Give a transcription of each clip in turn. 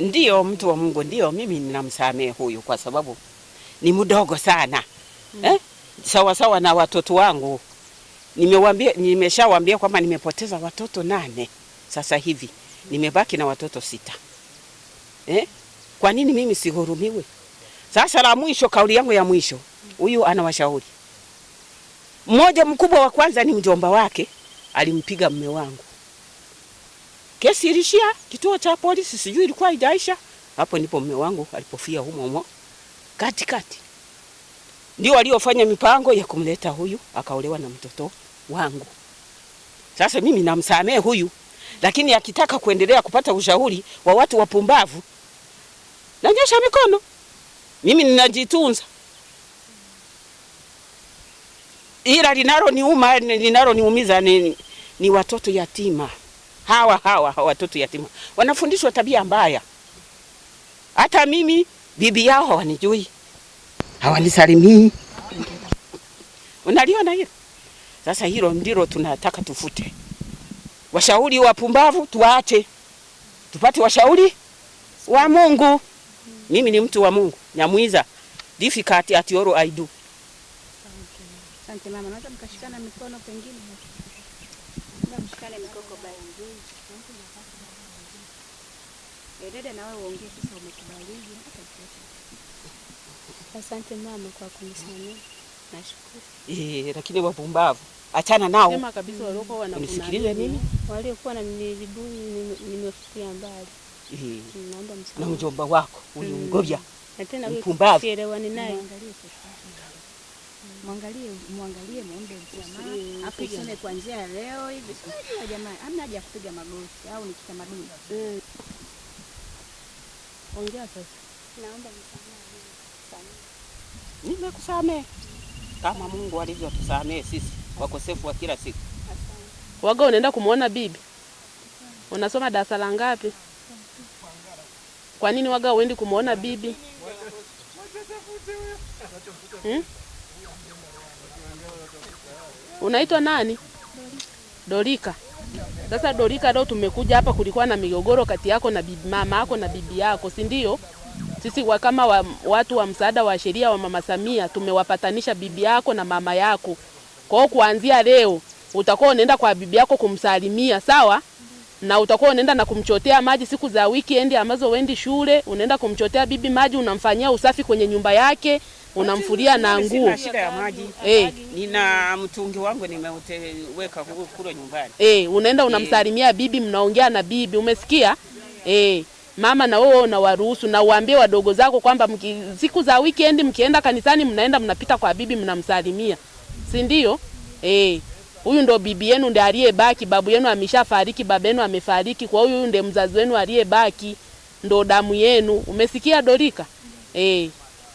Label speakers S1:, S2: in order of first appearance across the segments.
S1: Ndiyo, mtu wa Mungu. Ndiyo, mimi ninamsamehe huyu kwa sababu ni mdogo sana mm. eh? sawa sawa na watoto wangu nimewambia, nimeshawambia kwamba nimepoteza watoto nane sasa hivi nimebaki na watoto sita eh? Kwa nini mimi sihurumiwe? Sasa la mwisho, kauli yangu ya mwisho, huyu anawashauri mmoja mkubwa wa kwanza ni mjomba wake, alimpiga mme wangu Kesi ilishia kituo cha polisi, sijui ilikuwa haijaisha. Hapo ndipo mume wangu alipofia humo humo katikati. Ndio waliofanya mipango ya kumleta huyu akaolewa na mtoto wangu. Sasa mimi namsamehe huyu, lakini akitaka kuendelea kupata ushauri wa watu wapumbavu, nanyosha mikono. Mimi ninajitunza, ila linalo niuma linalo niumiza ni, ni watoto yatima hawa hawa watoto yatima wanafundishwa tabia mbaya. Hata mimi bibi yao hawanijui, hawanisalimii. Unaliona hilo? Sasa hilo ndilo tunataka tufute. Washauri wapumbavu tuache, tupate washauri wa Mungu. Mimi ni mtu wa Mungu, nyamwiza difficult at all I do.
S2: Asante mama, naweza mkashikana mikono pengine. Tushikane mikoko basi. Eh, dada na uongee sasa umekubalije? Asante mama kwa kunisamehe. Nashukuru.
S1: Eh, lakini wapumbavu. Achana nao.
S2: Sema kabisa walioko wanakuna. Nisikilize mimi. Waliokuwa na nilibuni nimefikia mbali.
S1: Eh. Hmm, naomba msamaha. Na mjomba wako huyu hmm. Na tena wewe
S2: sielewani naye mwangalie mwangalie muombe jamaa, afu useme ya leo hivi. Unajua jamani, hamna haja ya kupiga magoti au ni kitamaduni. Mm. Ongea sasa, naomba msamaha.
S1: Mimi Nimekusamehe kama Mungu alivyotusamehe sisi wakosefu wa kila siku.
S3: Waga, unaenda kumwona bibi? Unasoma darasa la ngapi? Kwa nini waga uendi kumwona bibi? hmm? Unaitwa nani? Dorika. Sasa Dorika, leo tumekuja hapa, kulikuwa na migogoro kati yako na bibi mama yako na bibi yako, si ndio? Sisi wa kama wa, watu wa msaada wa sheria wa mama Samia tumewapatanisha bibi yako na mama yako. Kwa hiyo kuanzia leo utakuwa unaenda kwa bibi yako kumsalimia, sawa? Na utakuwa unaenda na kumchotea maji siku za weekend ambazo wendi shule, unaenda kumchotea bibi maji, unamfanyia usafi kwenye nyumba yake unamfuria na nguo.
S1: Shida ya maji eh. Nina mtungi wangu nimeweka kule nyumbani
S3: Eh, Unaenda eh. unamsalimia bibi, mnaongea na bibi, umesikia Eh, Mama na wewe na waruhusu na uambie wadogo zako kwamba siku za weekend mkienda kanisani, mnaenda mnapita kwa bibi mnamsalimia, si ndio? Eh, huyu ndo bibi yenu ndiye aliyebaki. Babu yenu ameshafariki, baba yenu amefariki, kwa hiyo huyu ndiye mzazi wenu aliyebaki, ndo damu yenu. Umesikia Dorika? Eh.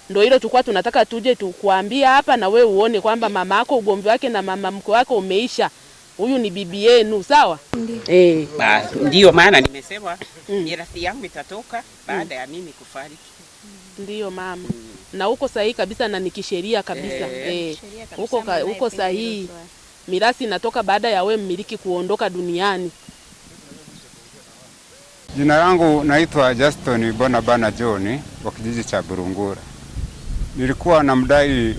S3: Ndio hilo tulikuwa tunataka tuje tukuambia hapa, na we uone kwamba mama yako ugomvi wake na mama mke wako umeisha. Huyu ni bibi yenu, sawa? Eh,
S1: ndio maana nimesema mirathi mm. yangu itatoka baada ya mimi kufariki.
S3: Ndio mama, na uko sahihi kabisa, na ni kisheria kabisa eh, uko uko sahihi. Mirathi inatoka baada ya we mmiliki kuondoka duniani.
S4: Jina langu naitwa Justin Bonabana John wa kijiji cha Burungura nilikuwa na mdai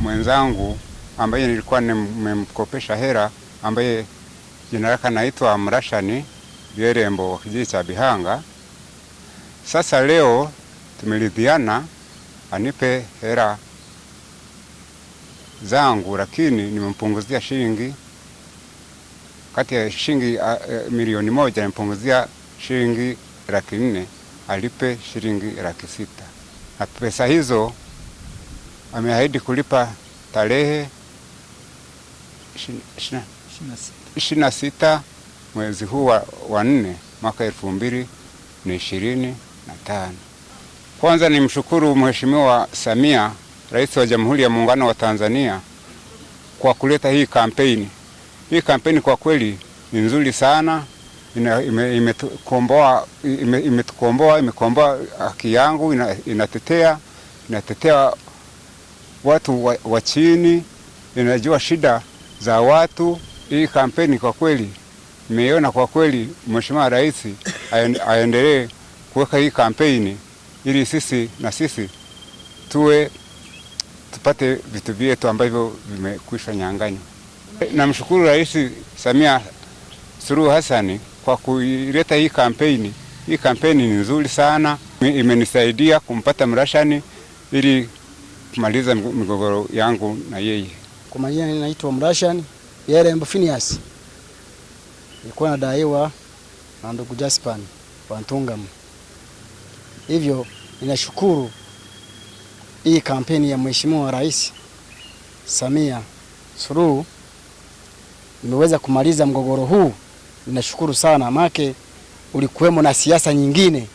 S4: mwenzangu ambaye nilikuwa nimemkopesha hera ambaye jina lake naitwa Mrashani Byerembo wa kijiji cha Bihanga. Sasa leo tumeridhiana anipe hera zangu, lakini nimempunguzia shilingi kati ya shilingi uh, milioni moja nimpunguzia shilingi laki nne alipe shilingi laki sita na pesa hizo ameahidi kulipa tarehe ishirini na sita mwezi huu wa nne mwaka elfu mbili na ishirini na tano. Kwanza ni mshukuru Mheshimiwa Samia, Rais wa Jamhuri ya Muungano wa Tanzania kwa kuleta hii kampeni. Hii kampeni kwa kweli ni nzuri sana, imetukomboa ime, ime, imekomboa ime haki yangu, inatetea ina inatetea watu wa, wa chini, inajua shida za watu. Hii kampeni kwa kweli nimeiona kwa kweli, Mheshimiwa Rais aendelee kuweka hii kampeni ili sisi na sisi tuwe tupate vitu vyetu ambavyo vimekwisha nyang'anywa. Namshukuru Rais Samia Suluhu Hassan kwa kuileta hii kampeni. Hii kampeni ni nzuri sana, imenisaidia kumpata mrashani ili kumaliza migogoro yangu na yeye.
S5: Kwa majina ninaitwa Mrashan Yerembo Phineas, nilikuwa nadaiwa na ndugu Jaspan wa Ntungam. hivyo ninashukuru hii kampeni ya Mheshimiwa Rais Samia Suluhu imeweza kumaliza mgogoro huu, ninashukuru sana make ulikuwemo na siasa nyingine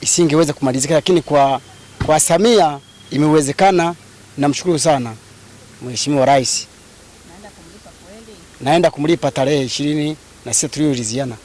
S5: isingeweza kumalizika, lakini kwa, kwa Samia imewezekana. Namshukuru sana Mheshimiwa Rais, naenda kumlipa tarehe ishirini na sita tuliyoridhiana.